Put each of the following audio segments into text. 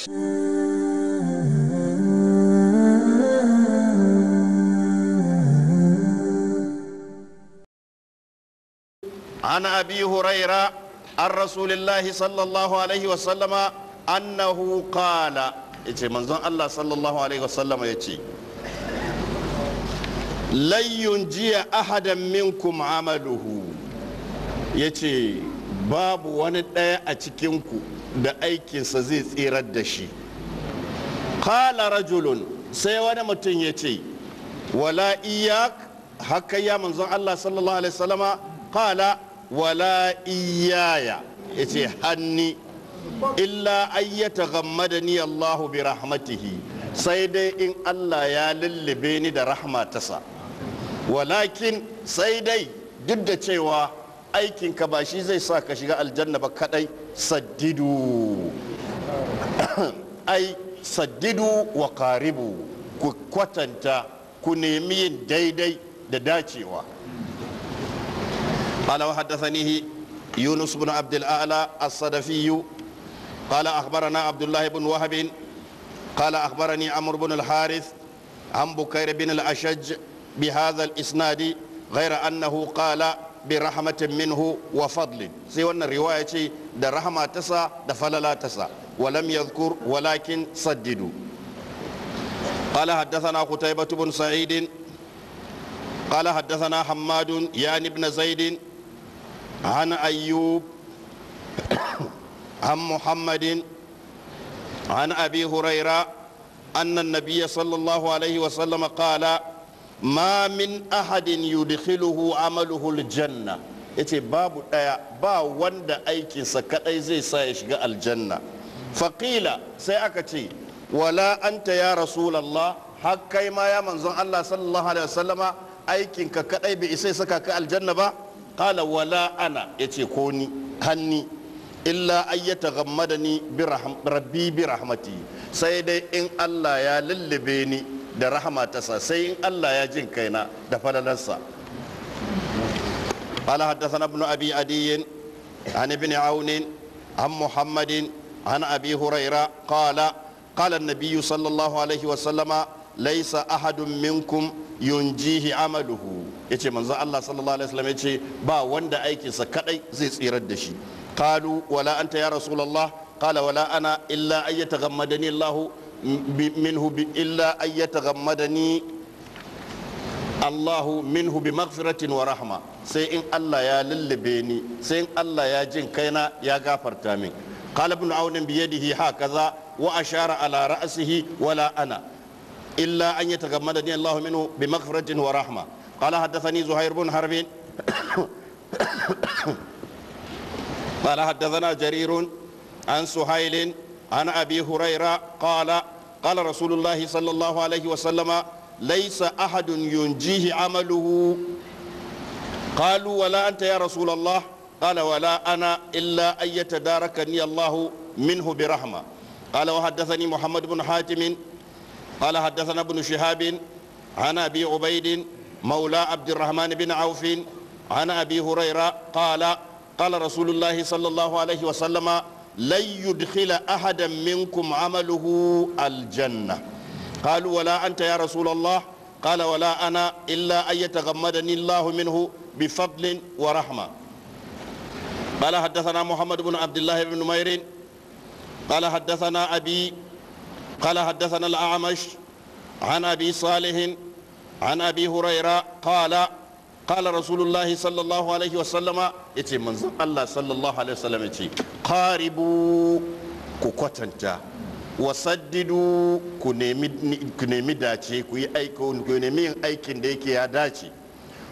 عن أبي هريرة عن رسول الله صلى الله عليه وسلم أنه قال يتي منظر الله صلى الله عليه وسلم يجي لن ينجي أحدا منكم عمله يجي باب wani ɗaya da aikinsa zai tsirar da shi kala rajulun sai wani mutum ya ce wala iyak haka ya manzon Allah sallallahu alaihi wasallama kala wala iyaya ya ce hanni illa ayyata ni Allahu bi rahmatihi sai dai in Allah ya lullube ni da rahmatasa walakin sai dai duk da cewa aikinka ba shi zai sa ka shiga aljanna ba kadai saddidu ai saddidu wa karibu ku kwatanta ku nemi yin daidai da dacewa قال وحدثني يونس بن عبد الأعلى الصدفي قال أخبرنا عبد الله بن وهب قال أخبرني عمرو بن الحارث عن بكير بن الأشج بهذا الإسناد غير أنه قال bi rahmatin minhu wa fadlin sai wannan riwaya ce da rahama tasa da falala tasa walam yadhkur walakin saddidu قال حدثنا قتيبة بن سعيد قال حدثنا حماد يعني بن زيد عن أيوب عن محمد عن أبي هريرة أن النبي صلى الله عليه وسلم قال ma min ahadin yudkhiluhu amaluhu aljanna yace babu daya ba wanda aikinsa kadai zai sa ya shiga aljanna faqila sai aka ce wala anta ya rasulullah har kai ma ya manzon Allah sallallahu alaihi wasallama aikinka kadai bai isa saka ka aljanna ba qala wala ana yace ko ni hanni illa ayyata ghammadani bi rabbi bi rahmati sai dai in Allah ya lullube ni da rahamatasa sai in Allah ya jin kai na da falalarsa. Ala haddasa ibn abi adiyin, an ibn aunin, an muhammadin, an abi huraira, kala, kala nabiyu sallallahu alaihi wasallama, laisa ahadun minkum yunjihi amaluhu. Ya ce manzo Allah sallallahu alaihi wasallam ya ce ba wanda aikinsa kadai zai tsirar da shi. Kalu wala ya Rasulallah, kala wala ana illa ayyata gammadani منه إلا أن يتغمدني الله منه بمغفرة ورحمة سيئن الله يا للبيني سيئن الله يا جن كينا يا غافر تامين قال ابن عون بيده هكذا وأشار على رأسه ولا أنا إلا أن يتغمدني الله منه بمغفرة ورحمة قال حدثني زهير بن حرب قال حدثنا جرير عن سهيل عن أبي هريرة قال قال رسول الله صلى الله عليه وسلم ليس أحد ينجيه عمله قالوا ولا أنت يا رسول الله قال ولا أنا إلا أن يتداركني الله منه برحمة قال وحدثني محمد بن حاتم قال حدثنا ابن شهاب عن أبي عبيد مولى عبد الرحمن بن عوف عن أبي هريرة قال قال رسول الله صلى الله عليه وسلم lan yudkhila ahadan minkum amaluhu aljanna qalu wala anta ya rasulullah qala wala ana illa an yataghammadani allah minhu bifadlin wa rahma قال حدثنا محمد بن عبد الله بن نمير قال حدثنا أبي قال حدثنا الأعمش عن أبي صالح عن أبي هريرة قال qala rasulullahi sallallahu alaihi wasallama yace manzon Allah sallallahu alaihi wasallam yace qaribu ku kwatanta wasaddidu ku nemi dace ku yi aiko aikin da yake ya dace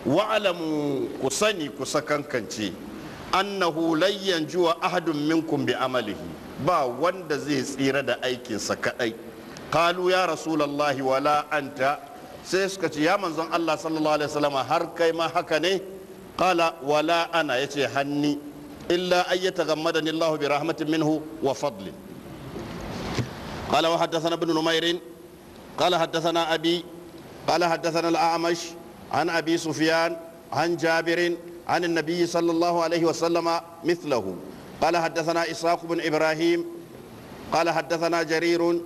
wa'alamu ku sani ku sakankance annahu layyan juwa ahadun minkum bi amalihi ba wanda zai tsira da aikinsa kadai kalu ya rasulallahi wala anta sai suka ce ya manzon Allah sallallahu alaihi wasallam har kai ma haka ne qala wala ana yace hanni illa ay yatagammadani Allah bi rahmatin minhu wa fadlin qala wa haddathana ibn numair qala haddathana abi qala haddathana al-a'mash an abi sufyan an jabir عن النبي صلى الله عليه وسلم مثله قال حدثنا إسحاق بن إبراهيم قال حدثنا جرير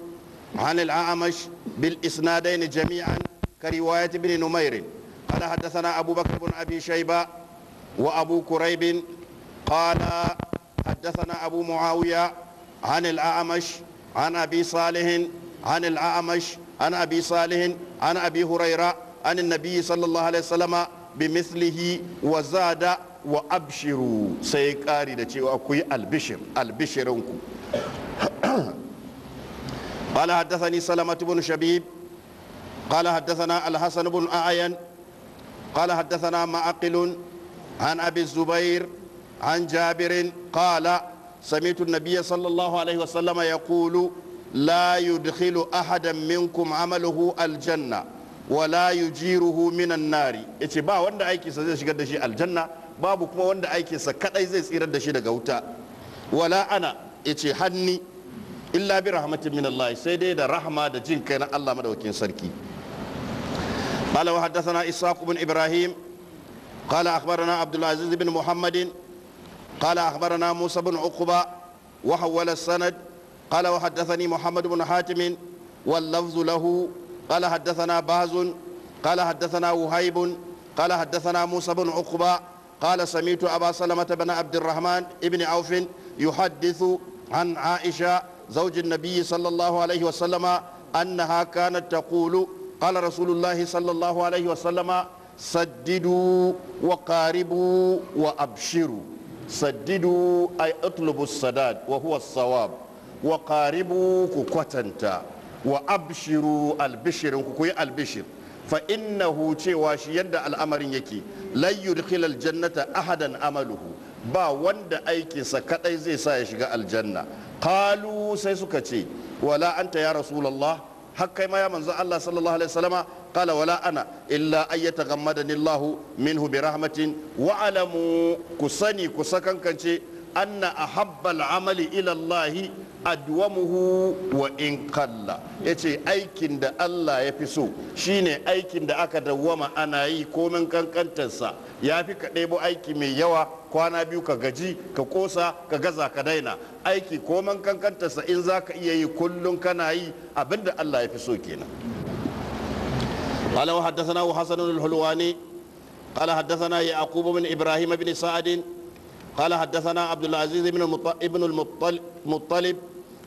عن الأعمش بالإسنادين جميعا كرواية بن نمير قال حدثنا أبو بكر بن أبي شيبة وأبو كريب قال حدثنا أبو معاوية عن الأعمش عن أبي صالح عن الأعمش عن أبي صالح عن أبي هريرة عن النبي صلى الله عليه وسلم بمثله وزاد وأبشروا سيكاري دتي وأكوي البشر البشرنكم قال حدثني سلمة بن شبيب قال حدثنا الحسن بن أعين قال حدثنا معقل عن أبي الزبير عن جابر قال سمعت النبي صلى الله عليه وسلم يقول لا يدخل أحدا منكم عمله الجنة ولا يجيره من النار yace ba wanda aikinsa zai shigar da shi aljanna babu kuma wanda aikinsa kadai zai tsirar da shi daga wuta wala ana yace hanni illa bi rahmatin min Allah sai dai da rahma da jin kai na Allah madaukin sarki قال وحدثنا إسحاق بن إبراهيم قال أخبرنا عبد العزيز بن محمد قال أخبرنا موسى بن عقبة وحول السند قال وحدثني محمد بن حاتم واللفظ له قال حدثنا باز قال حدثنا وهيب قال حدثنا موسى بن عقبة قال سميت أبا سلمة بن عبد الرحمن ابن عوف يحدث عن عائشة زوج النبي صلى الله عليه وسلم أنها كانت تقول قال رسول الله صلى الله عليه وسلم سددوا وقاربوا وأبشروا سددوا أي اطلبوا السداد وهو الصواب وقاربوا كوتنتا وأبشروا البشر كوي البشر فإنه تشواشي يد الأمر يكي لا يدخل الجنة أحدا أمله ba wanda aikinsa kadai zai sa ya shiga aljanna kalu sai suka ce wala anta ya rasulallah hakkai ma ya manzo Allah sallallahu alaihi wasallama qala wala illa ayyata yataghammadani Allahu minhu bi rahmatin wa alamu kusani kankance. anna habbal amali ila Allah adwamuhu wa in qalla yace aikin da Allah ya fi so shine aikin da aka dawwama ana yi komin kankantarsa ya fi ka ɗebo aiki mai yawa kwana biyu ka gaji ka kosa ka gaza ka daina aiki komin kankantarsa in za ka iya yi kullum kana yi abinda Allah ya fi so kenan قال وحدثنا حسن الحلواني قال حدثنا يعقوب بن Ibrahim بن سعد قال حدثنا عبد العزيز بن ابن المطلب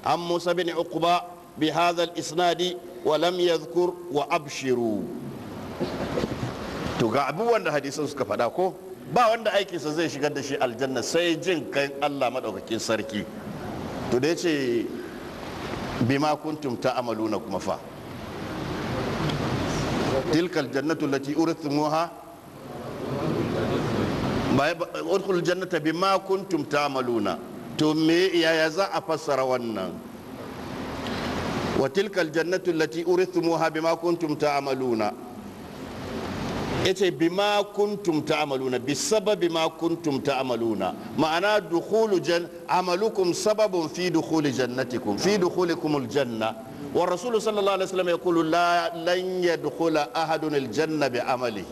عن موسى بن عقبة بهذا الإسناد ولم يذكر وأبشروا to ga abubuwan da hadisan suka faɗa ko ba wanda aikinsa zai shigar da shi aljanna sai jin kan Allah maɗaukakin sarki to da ya ce bima kuntum ta amaluna kuma fa tilkal jannatu lati urithmuha وادخل الجنة بما كنتم تعملون تمي يا يزا أفسر وتلك الجنة التي أورثتموها بما كنتم تعملون إتي بما كنتم تعملون بسبب ما كنتم تعملون معنى دخول جن عملكم سبب في دخول جنتكم في دخولكم الجنة والرسول صلى الله عليه وسلم يقول لا لن يدخل أحد الجنة بعمله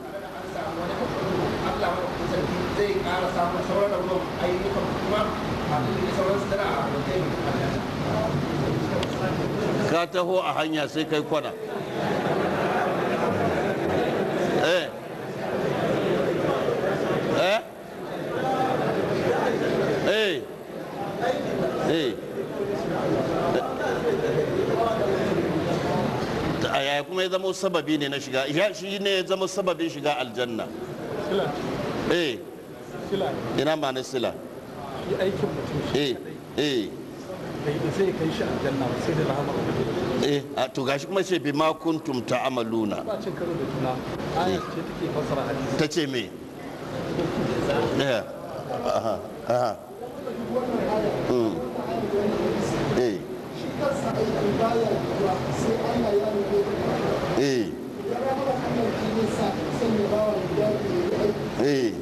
ka taho a hanya sai kai kwana eh. Eh? Eh. kuma ya zama sababi ne na shiga shi ne ya zama sababin shiga aljanna eh ina ma na sila shi eh zai kai eh a to gashi kuma ce bi ma ta ta'amaluna ba eh. ce me eh aha aha hmm. eh eh eh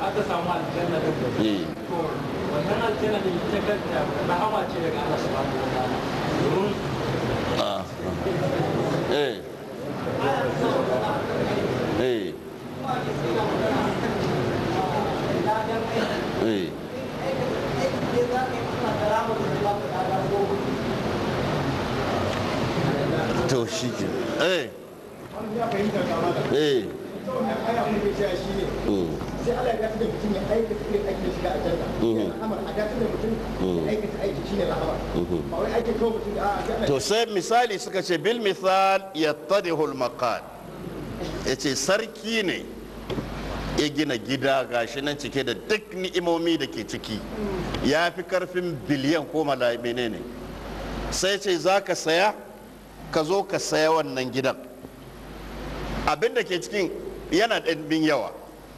aka samu aljanna da hmm. to wannan aljanna da ita kanta rahama ce daga Allah subhanahu wa ta'ala domin ah, ah. Eh. eh eh to shi ke eh eh sai Allah ya dakatar da mutum ya aikata irin aikin da shiga aljanna ya mhm. rahamar a dakatar da mutum ya mhm. aikata aiki shine rahama mhm. ba wai aikin kawai mutum a ah, to sai misali suka ce bil misal yattadihul Ya ce sarki ne ya gina gida gashi nan cike da duk ni'imomi da ke ciki mm. ya fi karfin biliyan ko mala'i ne. sai ce za ka saya ka zo ka saya wannan gidan abin da ke cikin yana ɗanbin yawa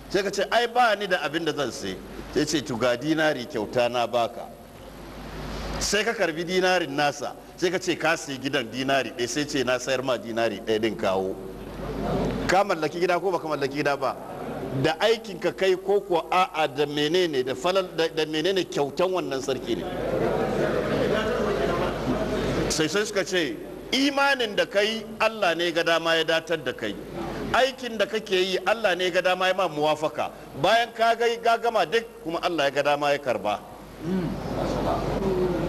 sai ka ce ai ba ni da abin da zan sai sai ce to ga dinari kyauta na baka sai ka karbi dinarin nasa sai ka ce ka sai gidan dinari ɗaya sai ce na sayar ma dinari ɗaya din kawo ka mallaki gida ko baka mallaki gida ba da aikin ka kai ko kuwa a'a da menene da falal da menene kyautan wannan sarki ne sai sai suka ce imanin da kai Allah ne ga dama ya datar da kai aikin da kake yi Allah ne ga dama ya ma muwafaka bayan ka ga gama duk kuma Allah ya ga dama ya karba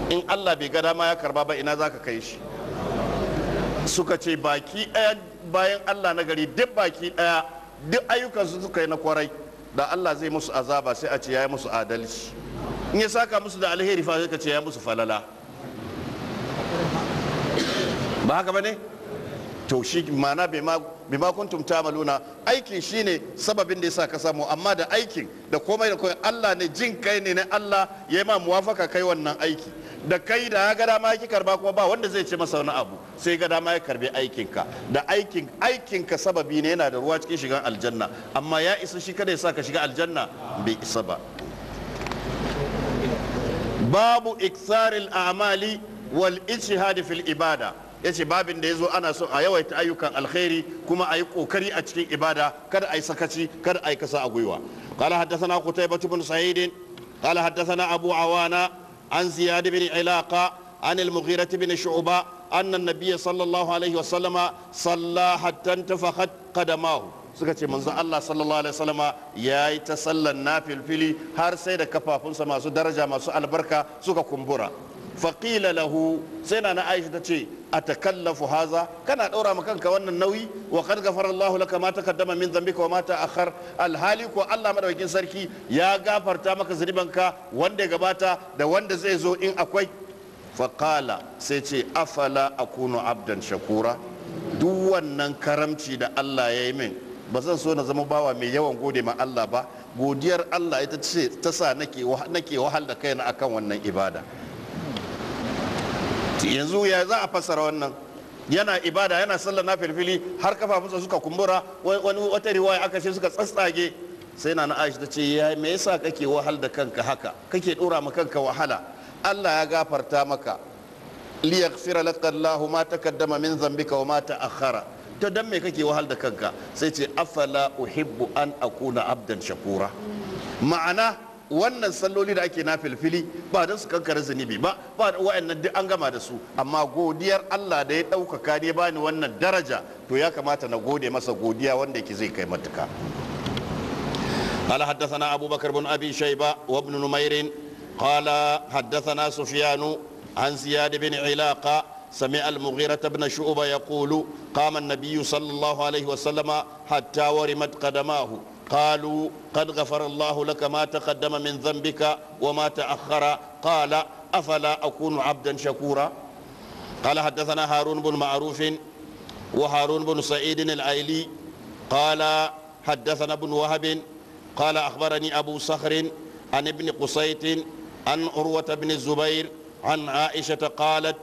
in Allah bai ga dama ya karba ba ina zaka kai shi suka ce baki ɗaya bayan Allah na gari duk baki ɗaya duk ayyukan su suka yi na kwarai da Allah zai musu azaba sai a ce ya yi musu adalci in ya saka musu da alheri fa sai ka ce ya musu falala ba haka ba ne to shi mana bai ma tumta maluna aikin ne sababin da ya sa ka samu amma da aikin da komai da komai Allah ne jin kai ne na Allah ya yi ma muwafaka kai wannan aiki da kai da ya ga dama ya karba kuma ba wanda zai ce masa wani abu sai ga dama ya karbi ka. da aikin aikinka sababi ne yana da ruwa cikin shigan aljanna amma ya isa shi kada ya sa ka shiga aljanna bai isa ba babu iksaril a'mali wal ijtihad fil ibada ya ce babin da ya zo ana so a yawaita ayyukan alkhairi kuma a yi kokari a cikin ibada kada a yi sakaci kada a yi kasa a gwiwa قال حدثنا قتيبة بن سعيد قال حدثنا أبو عوانا عن زياد بن علاقة عن المغيرة بن شعبة أن النبي صلى الله عليه وسلم صلى حتى انتفخت قدماه suka ce manzon Allah sallallahu alaihi wasallama ya yi ta sallan nafil fili har sai da kafafunsa masu daraja masu albarka suka kumbura faƙila lahu sai na na aisha ta ce a takallafu haza kana ɗaura ma kanka wannan nauyi wa kad gafara Allahu laka ma taqaddama min dhanbika wa ma ta'akhkhar alhali ko Allah madaukakin sarki ya gafarta maka zunubanka wanda ya gabata da wanda zai zo in akwai Faqala sai ce afala akunu abdan shakura duk wannan karamci da Allah ya yi min ba zan so na zama bawa mai yawan gode ma Allah ba godiyar Allah ita ce ta sa nake wahal da kaina akan wannan ibada yanzu ya za a fassara wannan yana ibada yana sallar na filfili har kafafunsa suka kumbura wani wata riwaya aka ce suka tsatsage sai na aisha ta ce ya me yasa kake wahal da kanka haka kake dora ma kanka wahala Allah ya gafarta maka liyaghfira laka Allahu ma takaddama min zambika wa ma ta'akhkhara to dan me kake wahal da kanka sai ce afala uhibbu an akuna abdan shakura ma'ana wannan salloli da ake na filfili ba don su kankare zunubi ba ba wa'annan duk an gama da su amma godiyar Allah da ya ɗaukaka ne bani wannan daraja to ya kamata na gode masa godiya wanda yake zai kai matuka قال حدثنا أبو بكر بن أبي شيبة وابن نمير قال حدثنا سفيان عن زياد بن علاقة سمع المغيرة بن شعبة يقول قام النبي صلى الله عليه وسلم حتى ورمت قدماه قالوا قد غفر الله لك ما تقدم من ذنبك وما تأخر قال أفلا أكون عبدا شكورا قال حدثنا هارون بن معروف وهارون بن سعيد الأيلي قال حدثنا ابن وهب قال أخبرني أبو صخر عن ابن قصيت عن عروة بن الزبير عن عائشة قالت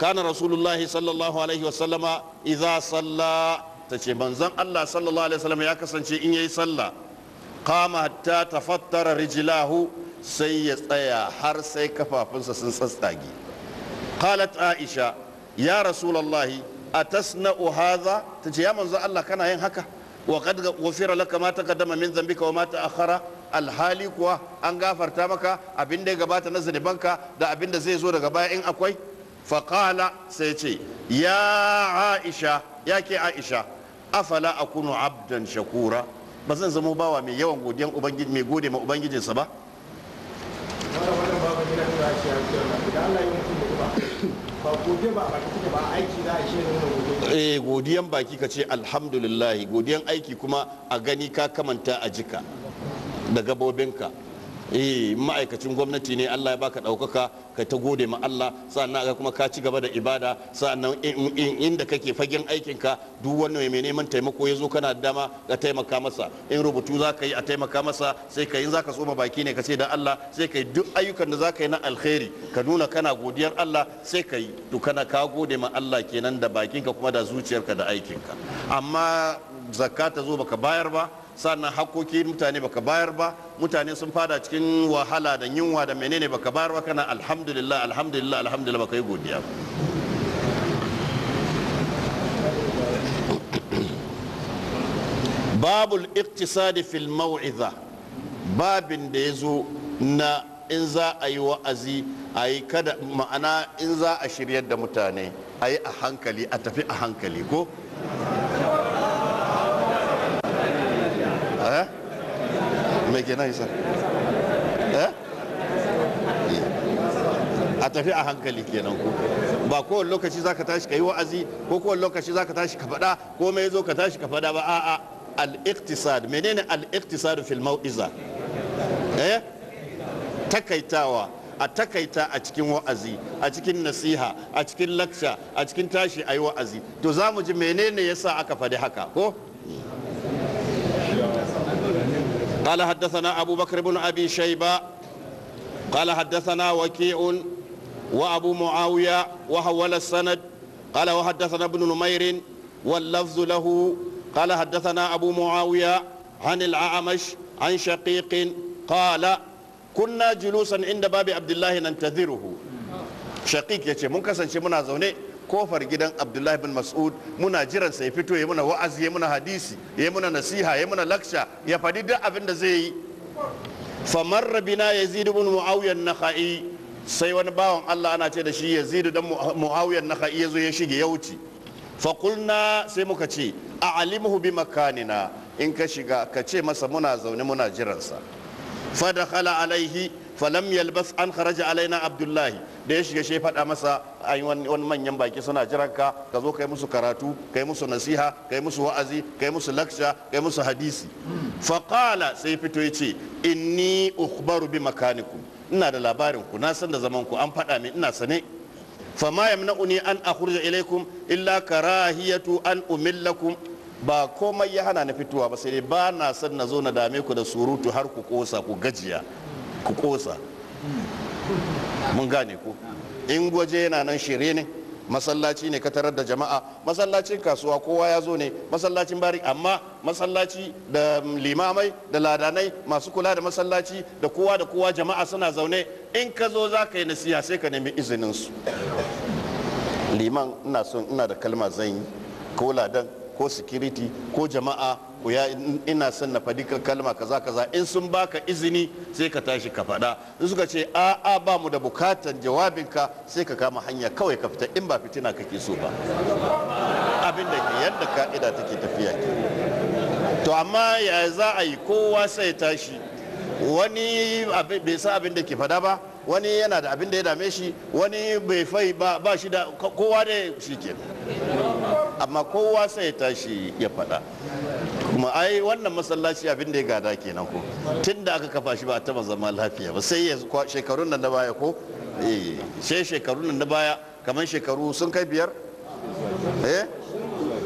كان رسول الله صلى الله عليه وسلم إذا صلى ta ce manzon Allah sallallahu alaihi wasallam ya kasance in yayi sallah kama hatta tafattara rijlahu sai ya tsaya har sai kafafunsa sun tsatsage qalat aisha ya a atasna'u hadha tace ya manzon Allah kana yin haka wa qad ghufira laka ma taqaddama min dhanbika wa ma ta'akhkhara alhali kuwa an gafarta maka abin da ya gabata na zunubanka da abin da zai zo daga baya in akwai faqala sai ce ya aisha ya ke aisha afala akunu abdan shakura ba zan zama bawa mai yawan godiyan ubangiji mai gode ma ubangijinsa ba eh, godiyan baki ka ce alhamdulillahi godiyan aiki kuma a gani ka kamanta a jika da gabobinka eh ma'aikacin gwamnati ne Allah ya baka ɗaukaka ka ta gode ma Allah sannan ga kuma ka ci gaba da ibada sannan inda kake fagen aikin ka duk wani mai neman taimako ya zo kana da dama ga taimaka masa in rubutu za ka yi a taimaka masa sai ka yi za ka soma baki ne ka ce da Allah sai ka yi duk ayyukan da za ka yi na alkhairi ka nuna kana godiyar Allah sai ka yi to kana ka gode ma Allah kenan da bakinka kuma da zuciyarka da aikinka amma zakka ta zo baka bayar ba sannan hakoki mutane baka bayar ba mutane sun fada cikin wahala da yunwa da menene baka bayar ba kana alhamdulillah alhamdulillah alhamdulillah baka yi godiya babul iktisadi fil mau'iza babin da ya zo na in za a yi wa'azi a yi kada ma'ana in za a shiryar da mutane a yi a hankali a tafi a hankali ko isso? É? é. a tafi a hankali kenan ku ba kowane lokaci za ka tashi ka yi wa'azi ko kowane lokaci za ka tashi ka faɗa ko mai zo ka tashi ka faɗa ba a'a al-iqtisad menene al-iqtisad fil mau'iza eh takaitawa a takaita a cikin wa'azi a cikin nasiha a cikin lakca a cikin tashi a yi wa'azi to za mu ji menene yasa aka faɗi haka ko قال حدثنا أبو بكر بن أبي شيبة قال حدثنا وكيع وأبو معاوية وحول السند قال وحدثنا ابن نمير واللفظ له قال حدثنا أبو معاوية عن الأعمش عن شقيق قال كنا جلوسا عند باب عبد الله ننتظره شقيق يتي منكسن شمنا زوني kofar gidan abdullahi bin mas'ud muna jiran sai fito ya muna wa'azi ya muna hadisi ya muna nasiha ya muna laksha ya faɗi duk abin da zai yi famar rabina ya zidu bin mu'awiyar naka'i sai wani bawan allah ana ce da shi ya zidu dan mu'awiyar naka'i ya zo ya shige ya wuce fakulna sai muka ce a alimuhu bi makanina in ka shiga ka ce masa muna zaune muna jiransa fadakhala alaihi falam yalbas an kharaja alaina abdullahi da ya shiga shi faɗa masa ai wani manyan baki suna jiran ka ka zo kai musu karatu kai musu nasiha kai musu wa'azi kai musu laksha kai musu hadisi Faƙala sai fito ya yace inni ukhbaru bi makanikum ina da labarin ku na san da zaman ku an faɗa min ina sane fama yamna'uni an akhruja ilaikum illa karahiyatu an umillakum ba komai ya hana na fitowa ba sai dai ba na son na zo na dame ku da surutu har ku kosa ku gajiya ku kosa mun gane ku in gwaje yana nan shirye ne masallaci ne ka tarar da jama'a masallacin kasuwa kowa ya zo ne masallacin bari amma masallaci da limamai da ladanai masu kula da masallaci da kowa da kowa jama'a suna zaune in ka zo za ka yi nasiya sai ka nemi izinin su liman ina son ina da kalma zan yi ko ladan ko sikiriti ko jama'a ya ina son na faɗi kalma kaza kaza in sun baka izini sai ka tashi ka faɗa in suka ce a a ba mu da bukatan jawabinka sai ka kama hanya kawai ka fita in ba fitina kake so ba abin da ke yadda ka'ida take tafiya ke to amma ya za a yi kowa sai tashi wani bai sa abin da ke faɗa ba wani yana da abin da ya dame shi wani bai fai ba shi da kowa da shi ke amma kowa sai tashi ya faɗa kuma ai wannan masallaci abin da ya gada kenan ko tun da aka kafa shi ba a taba zama lafiya ba sai ya shekarun nan na baya ko eh, sai shekarun nan na baya kamar shekaru sun kai biyar eh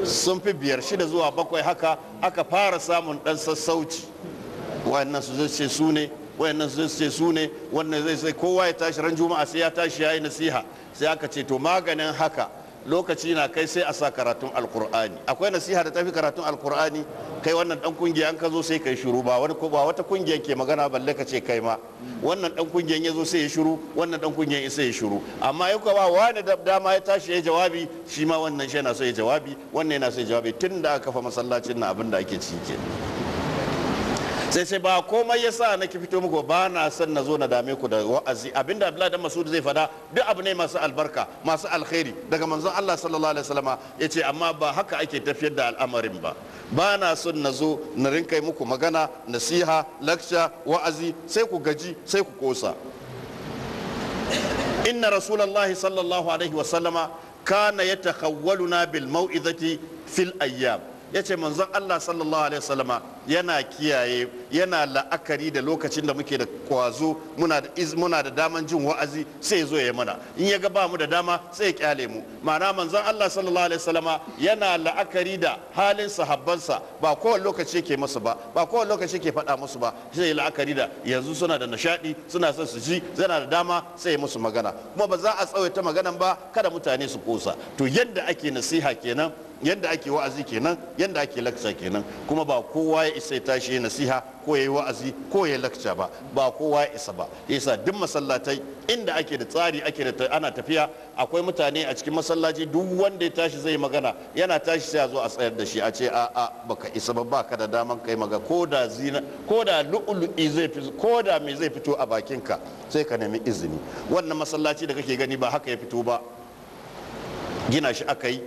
sun fi biyar shida zuwa bakwai haka aka fara samun dan sassauci wayannan su zai su ne wayannan su zai su ne wannan zai sai kowa ya tashi ran juma'a sai ya tashi yayi nasiha sai aka ce to maganin haka lokaci na kai sai a sa karatun alkur'ani akwai nasiha da tafi karatun alkur'ani kai wannan dan kungiya ka zo sai kai shiru ba wani ba wata kungiya ke magana balle ka ce kai ma wannan dan kungiyan ya zo sai ya shiru wannan dan kungiyan sai ya shiru amma ya ba wani dama ya tashi ya jawabi shi ma wannan shi yana so ya jawabi wannan yana so ya jawabi tun da aka kafa masallacin na abin da ake ciki kenan sai sai ba komai yasa nake fito muku ba na son na zo na dame ku da wa'azi abinda Abdullahi dan Mas'ud zai fada duk abu ne masu albarka masu alkhairi daga manzon Allah sallallahu alaihi wasallama yace amma ba haka ake tafiyar da al'amarin ba ba na son na zo na rinka muku magana nasiha lacca wa'azi sai ku gaji sai ku kosa inna rasulullahi sallallahu alaihi wasallama kana yatakhawwaluna bil mau'izati fil ayyam ya ce manzon Allah sallallahu alaihi wasallama yana kiyaye yana la'akari da lokacin da muke da kwazo muna da daman jin wa'azi sai zo ya mana in ya ga ba mu da dama sai ya kyale mu ma'ana manzon Allah sallallahu alaihi wasallama yana la'akari da halin sahabbansa ba kowane lokaci yake musu ba ba kowane lokaci yake faɗa musu ba sai la'akari da yanzu suna da nishadi suna son su ji yana da dama sai ya musu magana kuma ba za a tsawaita maganan ba kada mutane su kosa to yadda ake nasiha kenan yadda ake wa'azi kenan yadda ake lakca kenan kuma ba kowa ya isa ya tashi ya nasiha ko ya yi wa'azi ko ya lakca ba ba kowa ya isa ba yasa duk masallatai inda ake da tsari ake da ana tafiya akwai mutane a cikin masallaci duk wanda ya tashi zai magana yana tashi sai a zo a tsayar da shi a ce a a baka isa ba baka da daman kai maga ko da zina ko da lu'ulu'i zai fito ko da me zai fito a bakinka sai ka nemi izini wannan masallaci da kake gani ba haka ya fito ba gina shi aka yi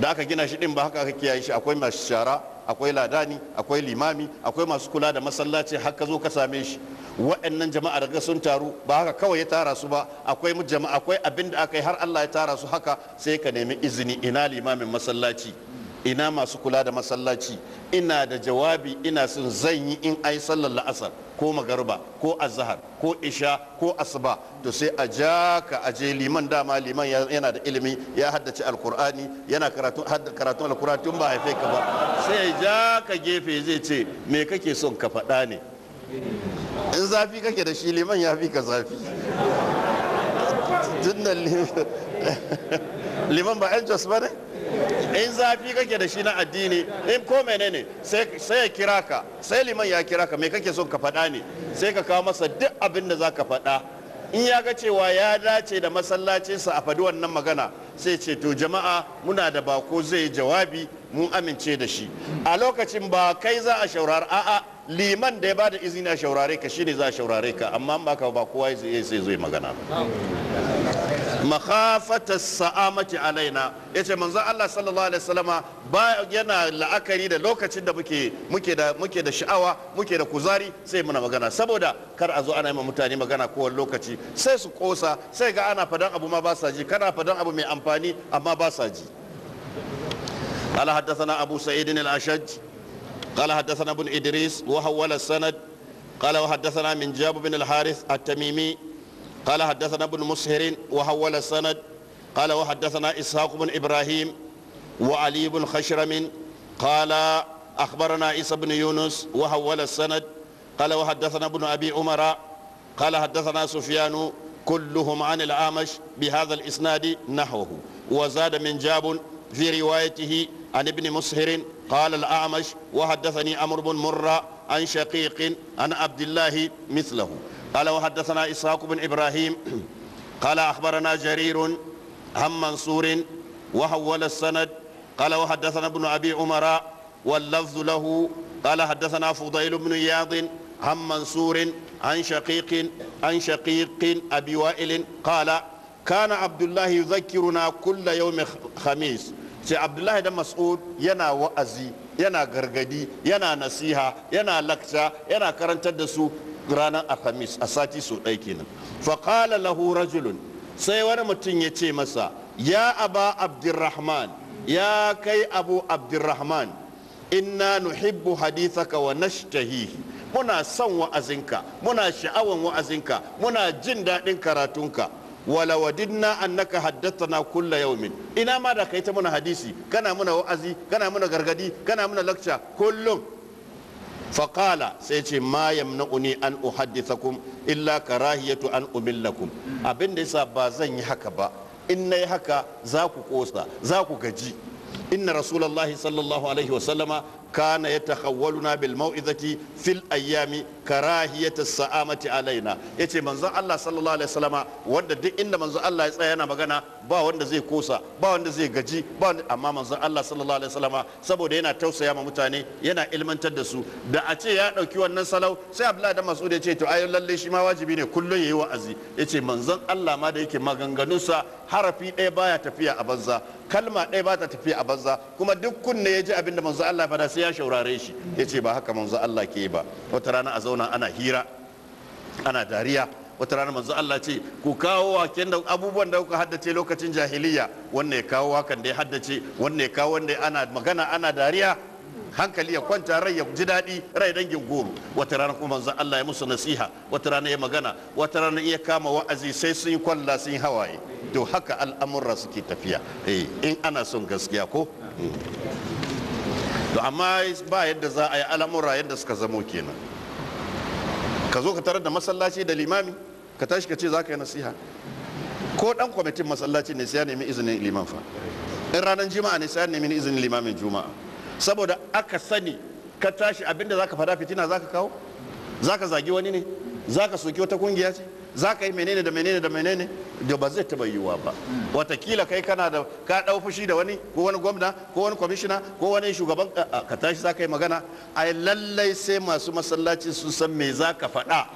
da aka gina shi din ba haka aka kiyaye shi akwai masu shara akwai ladani akwai limami akwai masu kula da masallaci har ka zo ka same shi waɗannan jama'a daga sun taru ba haka kawai ya tara su ba akwai mu jama'a akwai abin da aka yi har Allah ya tara su haka sai ka nemi izini ina limamin masallaci ina masu kula da masallaci ina da jawabi ina son zan yi in ai sallar la'asar ko magarba ko azhar ko isha ko asuba to sai a ja ka aje liman dama liman yana da ilimi ya haddace alkur'ani yana karatu karatun alkur'ani tun ba haife ka ba sai ja ka gefe zai ce me kake son ka faɗa ne in zafi kake da shi liman ya fi ka zafi liman ba ba ne in zafi kake da shi na addini in ko menene sai ya kira ka sai liman ya kira ka mai kake son ka faɗa ne sai ka kawo masa duk abin da za ka faɗa in ya ga cewa ya dace da masallacinsa a faɗi wannan magana sai ce to jama'a muna da bako zai jawabi mun amince da shi a lokacin ba kai za a shaurar a'a liman da ya bada izini a shaurare ka shine za a shaurare ka amma ba ka ba kowa zai sai zai magana makhafata sa'amati alaina yace manzon Allah sallallahu alaihi wasallama ba yana la'akari da lokacin da muke da muke da sha'awa muke da kuzari sai muna magana saboda kar a zo ana yi mutane magana kowane lokaci sai su kosa sai ga ana fadan abu ma ba sa ji kana fadan abu mai amfani amma ba sa ji قال حدثنا ابن إدريس وهو السند قال وحدثنا من جاب بن الحارث التميمي قال حدثنا ابن مسهر وهو السند قال وحدثنا إسحاق بن إبراهيم وعلي بن خشرم قال أخبرنا عيسى بن يونس وهو السند قال وحدثنا ابن أبي عمر قال حدثنا سفيان كلهم عن الأعمش بهذا الإسناد نحوه وزاد من جاب في روايته عن ابن مسهر قال الأعمش وحدثني عمرو بن مرة عن شقيق عن عبد الله مثله قال وحدثنا إسحاق بن إبراهيم قال أخبرنا جرير عن منصور وحول السند قال وحدثنا ابن أبي عمر واللفظ له قال حدثنا فضيل بن إياض عن منصور عن شقيق عن شقيق أبي وائل قال كان عبد الله يذكرنا كل يوم خميس ce abdullahi da mas'ud yana wa'azi yana gargadi yana nasiha yana lakca yana karantar da su ranar alhamis a sati su ɗai kenan faƙala lahu rajulun sai wani mutum ya ce masa ya aba abdurrahman ya kai abu abdurrahman inna nuhibbu hadithaka wa nashtahihi muna son wa'azinka muna sha'awan wa'azinka muna jin daɗin karatunka wala wadidna annaka haddathana kulla yawmin ina ma da kai ta muna hadisi kana muna wa'azi kana muna gargadi kana muna lecture kullum faƙala sai ce ma yamna'uni an uhaddithakum illa ka karahiyatu an umillakum abin da yasa ba zan yi haka ba in na yi haka za ku kosa za ku gaji inna rasulullahi sallallahu alaihi wasallama kana yatakhawwaluna bil mau'izati fil ayyami karahiyata sa'amati alaina yace manzon Allah sallallahu alaihi wasallama duk inda manzon Allah ya tsaya yana magana ba wanda zai kosa ba wanda zai gaji ba amma manzon Allah sallallahu alaihi saboda yana tausaya ma mutane yana ilmantar da su da a ce ya ɗauki wannan salau sai Abdullahi da ya yace to ayo lalle shi ma wajibi ne ya yi wa'azi Ya yace manzon Allah ma da yake sa harafi ɗaya baya tafiya a banza kalma ɗaya ba ta tafiya a banza kuma duk kunne ya ji abin da manzo Allah faɗa sai ya shaurare shi ya ce ba haka manzo Allah ke ba wata rana a zauna ana hira ana dariya wata rana manzo Allah ce ku kawo waken da abubuwan da kuka haddace lokacin jahiliya wannan ya kawo wakan da ya haddace wannan ya kawo wanda ana magana ana dariya hankali ya kwanta rai ya ji daɗi rai dangin goro wata rana kuma manzo Allah ya musu nasiha wata rana ya magana wata rana ya kama wa'azi sai sun yi kwalla sun yi hawaye to haka al'amurra suke tafiya eh, in ana son gaskiya ko hmm. to amma ba yadda za a yi al'amurra yadda suka zamo kenan ka zo ka tarar da masallaci da limami ka tashi ka ce za ka yi nasiha ko dan kwamitin masallaci ne sai ya nemi izinin liman fa in ranar juma'a ne sai ya nemi izinin limamin juma'a saboda aka sani ka tashi abinda za ka fada fitina za ka kawo za ka zagi wani ne za ka soki wata kungiya ce za ka yi menene da menene da menene da ba zai taba yiwuwa ba watakila kai kana da ka dau fushi da wani ko wani gwamna ko wani kwamishina ko wani shugaban ka tashi za ka yi magana ai lallai sai masu masallaci su san me za ka faɗa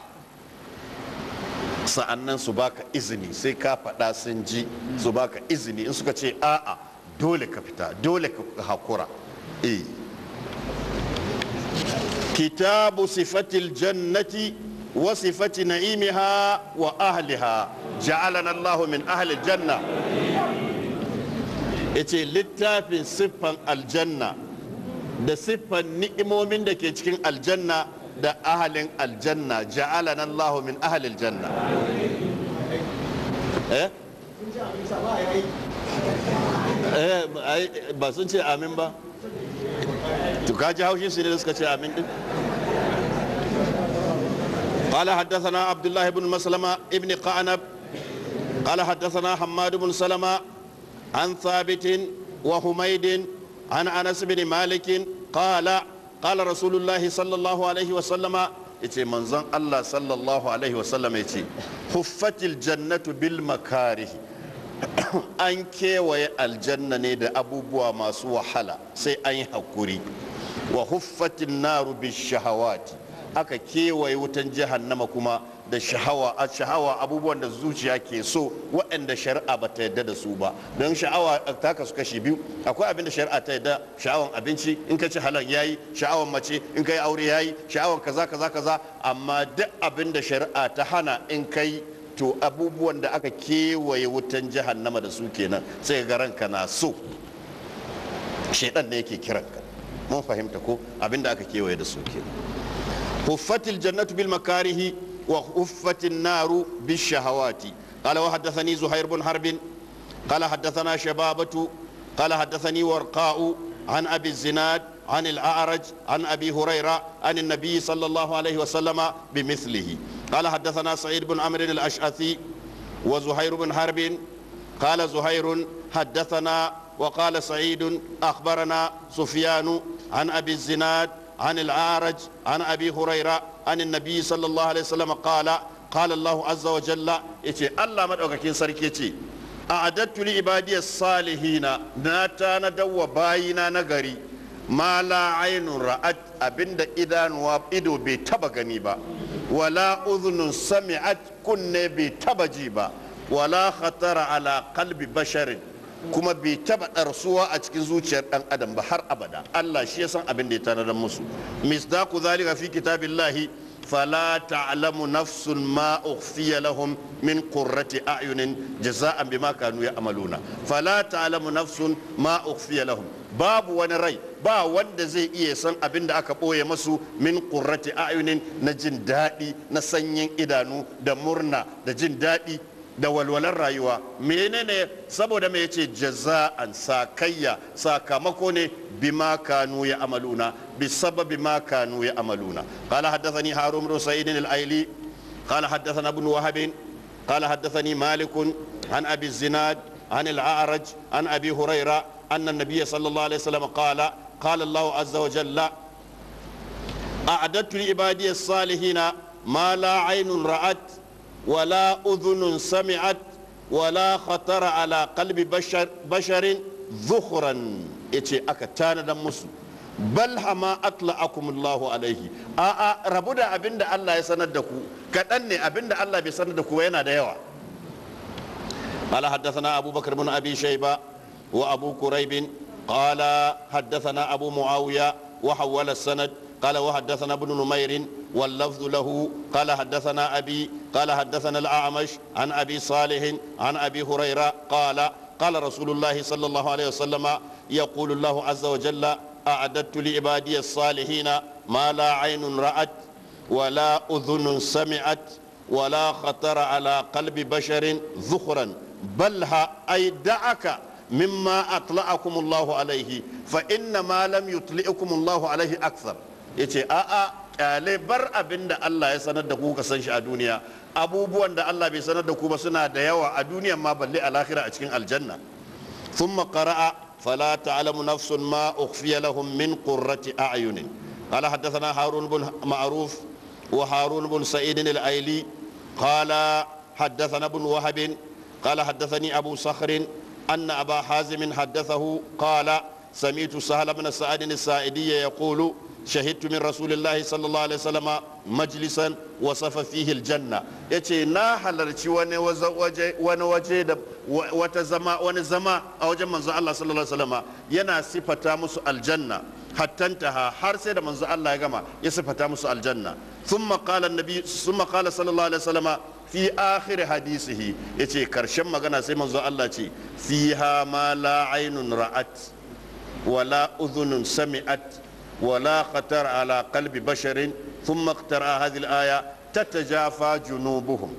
sa'annan su baka izini sai ka faɗa sun ji su baka izini in suka ce a'a dole ka fita dole ka hakura eh kitabu sifatil jannati وصفة نعيمها وأهلها جعلنا الله من أهل الجنة yace littafin siffan aljanna da siffan ni'imomin da ke cikin aljanna da ahalin aljanna ja'alana Allahu min ahalil janna eh ba sun ce amin ba to kaji haushin su ne da suka ce amin din قال حدثنا عبد الله بن مسلمة ابن قعنب قال حدثنا حماد بن سلمة عن ثابت وحميد عن أنس بن مالك قال قال رسول الله صلى الله عليه وسلم Allah sallallahu alaihi wasallam yace huffatil jannatu bil makarih an kewaye aljanna ne da abubuwa masu wahala sai an yi hakuri wa huffatin naru bil shahawati aka kewaye wutan nama kuma da shahawa a shahawa abubuwan da zuciya ke so waɗanda shari'a ba ta yadda da su ba don shahawa ta kasu kashi biyu akwai abinda da shari'a ta yadda sha'awan abinci in ka ci halal yayi sha'awan mace in ka yi aure yayi sha'awan kaza kaza kaza amma duk abinda shari'a ta hana in kai to abubuwan da aka kewaye wutan jahannama da su kenan sai ga ranka na so shaidan ne yake kiranka mun fahimta ko abinda aka kewaye da su kenan حفت الجنة بالمكاره وحفت النار بالشهوات قال وحدثني زهير بن حرب قال حدثنا شبابة قال حدثني ورقاء عن أبي الزناد عن الأعرج عن أبي هريرة عن النبي صلى الله عليه وسلم بمثله قال حدثنا سعيد بن عمرو الأشعثي وزهير بن حرب قال زهير حدثنا وقال سعيد أخبرنا سفيان عن أبي الزناد عن العارج عن أبي هريرة عن النبي صلى الله عليه وسلم قال قال الله عز وجل إتي الله مدعوك كين سركيتي أعددت لعبادي الصالحين ناتانا دو باينا نغري ما لا عين رأت أبند إذان وإدو بتبغني با ولا أذن سمعت كن بتبجي با ولا خطر على قلب بشر kuma bai taba ɗarsuwa a cikin zuciyar ɗan adam ba har abada Allah shi ya san abin da ya tanadar musu misdaku zalika fi kitabillahi fala ta'lamu nafsun ma ukhfiya lahum min qurrati a'yunin jaza'an bima kanu ya'maluna fala ta'lamu nafsun ma ukhfiya lahum babu wani rai ba wanda zai iya san abin da aka ɓoye masu min ƙurrati ayunin na jin daɗi na sanyin idanu da murna da jin daɗi da walwalar rayuwa menene saboda me yace an sakayya sakamako ne bi ma kanu ya amaluna bi bisababi ma kanu ya amaluna qala haddathani harun bin sa'id al-aili qala haddathana ibn wahab qala haddathani malik an abi zinad an al-a'raj an abi huraira anna an-nabiy sallallahu alaihi wasallam qala qala allah azza wa jalla a'adattu li ibadiy as-salihin ma la aynun ra'at wala udhunun sami'at wala khatara ala basharin zuhuran yace aka tanadan musu bal hama atla'akumullahu alaihi a a rabu da abinda Allah ya sanar da ku kaɗan ne abinda Allah ya sanar da ku yana da yawa قال حدثنا أبو بكر بن أبي شيبة وأبو كريب قال حدثنا أبو معاوية وحول السند قال وحدثنا ابن نمير واللفظ له قال حدثنا أبي قال حدثنا الأعمش عن أبي صالح عن أبي هريرة قال قال رسول الله صلى الله عليه وسلم يقول الله عز وجل أعددت لعبادي الصالحين ما لا عين رأت ولا أذن سمعت ولا خطر على قلب بشر ذخرا بلها أي دعك مما أطلعكم الله عليه فإن ما لم يطلعكم الله عليه أكثر يتي آآ kyale bar abin da Allah ya sanar da ku ka san shi a duniya abubuwan da Allah bai sanar da ku ba suna da yawa a duniyan ma balle a lahira a cikin aljanna thumma qara'a fala ta'lamu nafsun ma ukhfiya lahum min qurrati a'yunin qala hadathana harun bin ma'ruf wa harun bin sa'id al-aili qala hadathana bin wahab qala hadathani abu sakhr anna aba hazim hadathahu qala sami'tu sahla bin sa'id al-sa'idi shahidtu min rasulillahi sallallahu alaihi wasallama majlisan wasafa fihi aljanna yace na halarci wani waje da wata zama a wajen manzo Allah sallallahu alaihi wasallama yana sifata musu aljanna hattantaha har sai da manzo Allah ya gama ya sifata musu aljanna thumma qala annabi thumma qala sallallahu alaihi wasallama fi akhir hadisihi yace karshen magana sai manzo Allah ce fiha ma la aynun ra'at wala udhunun sami'at ولا خطر على قلب بشر ثم اقترأ هذه الآية تتجافى جنوبهم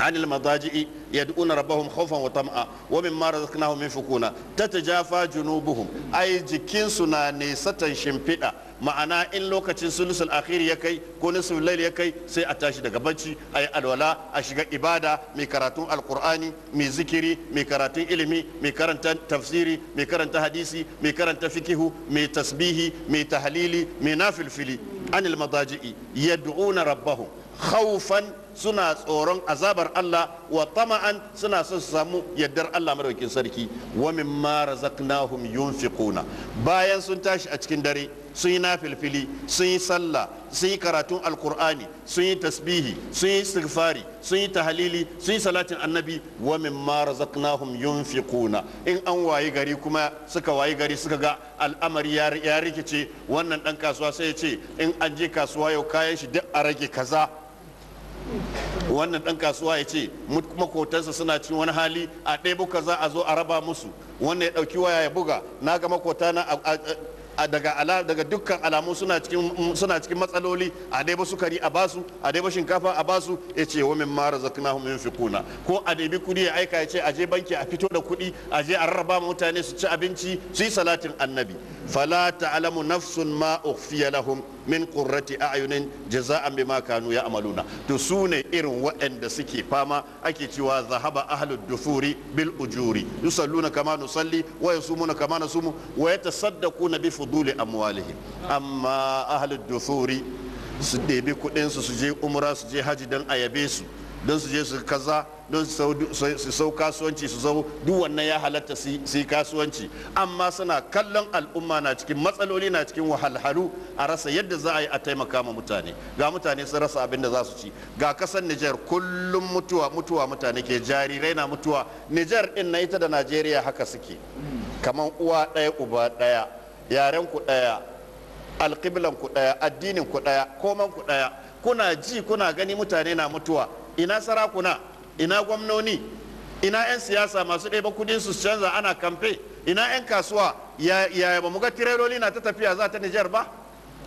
عن المضاجئ yad'una rabbahum khawfan wa tam'a wa mimma razaqnahum yunfiquna tatajafa junubuhum ai jikin suna na satan shimfiɗa ma'ana in lokacin sulusul akhir ya kai ko nisfin lail ya kai sai a tashi daga bacci ayi alwala a shiga ibada mai karatun alqur'ani mai zikiri mai karatun ilimi mai karanta tafsiri mai karanta hadisi mai karanta fikihu mai tasbihi mai tahlili mai nafilfili anil madaji'i yad'una rabbahum khawfan suna tsoron azabar Allah wa tama'an suna son su samu yaddar Allah madaukin sarki wa ma razaqnahum yunfiquna bayan sun tashi a cikin dare sun yi nafilfili sun yi sallah sun yi karatun alkur'ani sun yi tasbihi sun yi istighfari sun yi tahalili sun yi salatin annabi wa ma razaqnahum yunfiquna in an wayi gari kuma suka wayi gari suka ga al'amari ya rikice wannan dan kasuwa sai ya ce in an je kasuwa yau kayan shi duk a rage kaza wannan dan kasuwa ya ce makotansa suna cikin wani hali a ɗebo za a zo a raba musu wannan ya ɗauki waya ya buga na ga makota na daga daga dukkan alamu suna cikin suna cikin matsaloli a dai ba sukari a basu a dai ba shinkafa a basu ya ce wa min mara zaknahum yunfikuna ko a dai kudi ya aika ya ce a je banki a fito da kudi a je a rarraba mutane su ci abinci su yi salatin annabi fala ta'lamu nafsun ma ukhfiya lahum min a a'yunin jaza'an bima kanu amaluna to su ne irin waɗanda suke fama ake cewa zahaba ahlud dufuri bil ujuri yusalluna kama nusalli wa yasumuna kama nasumu wa yatasaddaquna bi fuduli amwalihim amma ahlud dufuri su ɗebi kuɗinsu su je umra su je haji dan yabe su don su je su kaza don su sau kasuwanci su zau duk wannan ya halatta su yi kasuwanci amma suna kallon al'umma na cikin matsaloli na cikin wahalhalu a rasa yadda za a yi a taimaka ma mutane ga mutane sun rasa abin da za su ci ga kasar Nijar kullum mutuwa mutuwa mutane ke jarirai na mutuwa Nijar din na ita da Najeriya haka suke kamar uwa ɗaya uba ɗaya yaren ku ɗaya alƙiblan ku ɗaya addinin ku ɗaya koman ku ɗaya kuna ji kuna gani mutane na mutuwa ina sarakuna ina gwamnoni ina 'yan siyasa masu ɗeba kudin su canza ana kamfe ina 'yan kasuwa yaya ba mu ga tireloli na ta tafiya za ta nijar ba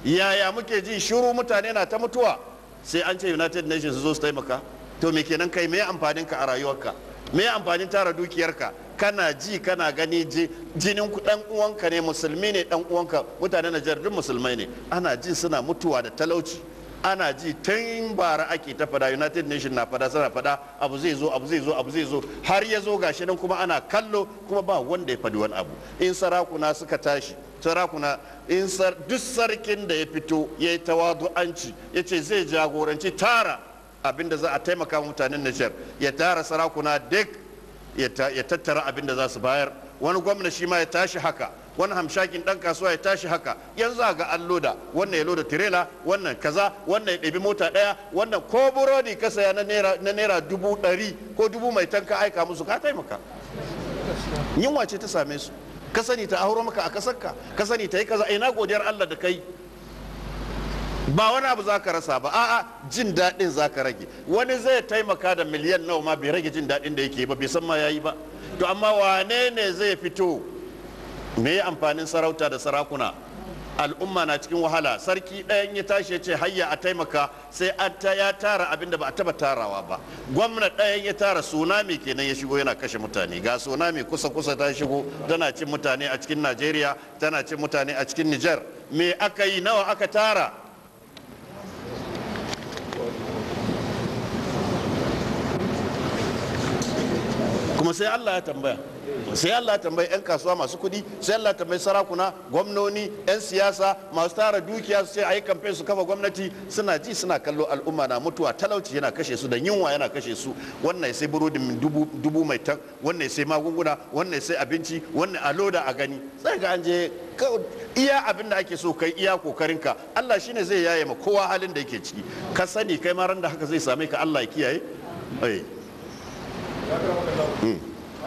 yaya muke jin shuru mutane na ta mutuwa sai an ce united nations zo su taimaka to me kenan kai me amfanin ka a rayuwarka me amfanin tara dukiyarka kana ji kana gani jinin dan uwanka ne musulmi ne dan uwanka mutanen Nijar duk musulmai ne ana jin suna mutuwa da talauci ana ji tun bara ake ta fada united nation na fada sana fada abu zai zo abu zai zo abu zai zo har ya zo gashi nan kuma ana kallo kuma ba wanda ya fadi wani abu in sarakuna suka tashi sarakuna in duk sarkin da ya fito ya yi wadu'anci ya ce zai jagoranci tara da za a taimaka mutanen nijar ya tara sarakuna duk ya tattara abin da za su bayar wani gwamna shi ma ya tashi haka wani hamshakin dan kasuwa ya tashi haka yanzu ga an loda wannan ya loda tirela wannan kaza wannan ya ɗabi mota ɗaya wannan ko burodi ka saya na naira dubu ɗari ko dubu mai tanka aika musu ka taimaka yunwa ce ta same su ka sani ta auro maka a kasarka ka sani ta yi kaza ina godiyar Allah da kai ba wani abu za ka rasa ba a'a jin daɗin za ka rage wani zai taimaka da miliyan nawa ma bai rage jin daɗin da yake ba bai san ma yayi ba to amma wane ne zai fito me amfanin sarauta da sarakuna al'umma na cikin wahala sarki ɗayan ya tashi ya ce hayya a taimaka sai an ta ya tara abin da ba a taba tarawa ba gwamna ɗayan ya tara tsunami kenan ya shigo yana kashe mutane ga tsunami kusa kusa ta shigo tana cin mutane a cikin najeriya tana cin mutane a cikin nijar me aka yi nawa aka tara kuma sai allah ya tambaya sai Allah tambayi 'yan kasuwa masu kuɗi sai Allah tambayi sarakuna gwamnoni 'yan siyasa masu tara dukiya su ce a yi kamfen su kafa gwamnati suna ji suna kallo al'umma na mutuwa talauci yana kashe su da yunwa yana kashe su wannan sai burodin dubu mai tan wannan sai magunguna wannan sai abinci wannan a loda a gani sai ga an je iya abin da ake so kai iya kokarin ka, Allah shine zai yaye ma kowa halin da yake ciki ka sani kai ma randa haka zai same ka Allah ya kiyaye